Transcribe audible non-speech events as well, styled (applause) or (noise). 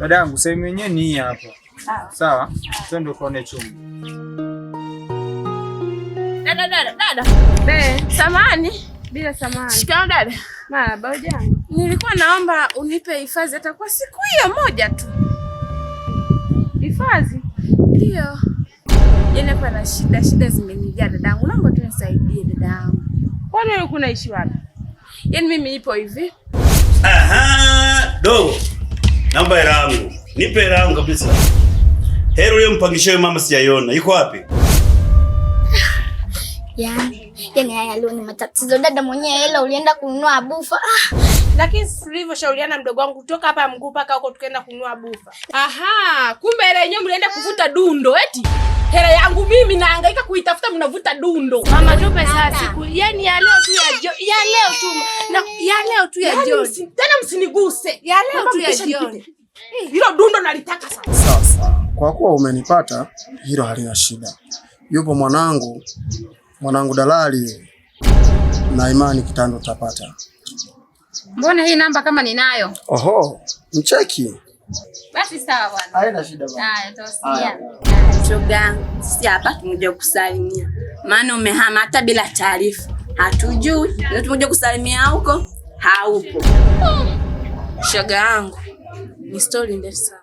Dadangu, sehemu yenyewe ni hii hapa. Ah. Sawa, twende ukaone chumba. Dada, dada, dada. Be, samani. Bila samani. Shikamoo dada. Marhaba, hujambo? Nilikuwa naomba unipe hifadhi hata kwa siku hiyo moja tu. Hifadhi? Ndio. Jennifer yaani na shida, shida zimenijia dadangu. Naomba tu nisaidie dadangu. Kwani wewe unaishi wapi? Yaani mimi ipo hivi. Aha, dogo. Namba hela yangu. Nipe hela yangu kabisa. Hela ile mpangishayo mama sijaiona. Iko wapi? (sighs) Yaani, yaani haya leo ni matatizo. Dada mwenyewe hela ulienda kununua bufa. Ah. (sighs) Lakini tulivyoshauriana mdogo wangu kutoka hapa mguu paka huko tukaenda kununua bufa. Aha, kumbe hela yenyewe mlienda kuvuta dundo eti. Hela yangu mimi nahangaika kuitafuta mnavuta dundo. Mama tupe saa siku. Yaani ya leo tu ya, ya leo tu. Na ya leo tu ya yaani jioni. Tena msiniguse. Ya leo tu ya jioni. Hilo dundo nalitaka Sasa, kwa kuwa umenipata, hilo halina shida. Yupo mwanangu, mwanangu dalali na imani kitando utapata. Mbona hii namba kama ninayo? Oho, mcheki. Basi sawa bwana. Haina shida bwana. Haya, tosikia. Shoga, sisi hapa tumekuja kusalimia. Maana umehama hata bila taarifa hatujui, ndio tumekuja kusalimia huko, haupo. shaga yangu ni stori ndefu sana.